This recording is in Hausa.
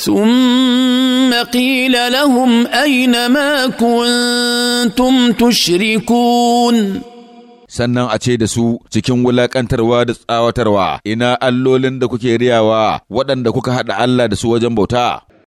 ثم قيل لهم aina ما كنتم تشركون sannan a ce da su cikin wulaƙantarwa da tsawatarwa ina allolin da kuke riyawa waɗanda kuka haɗa Allah da su wajen bauta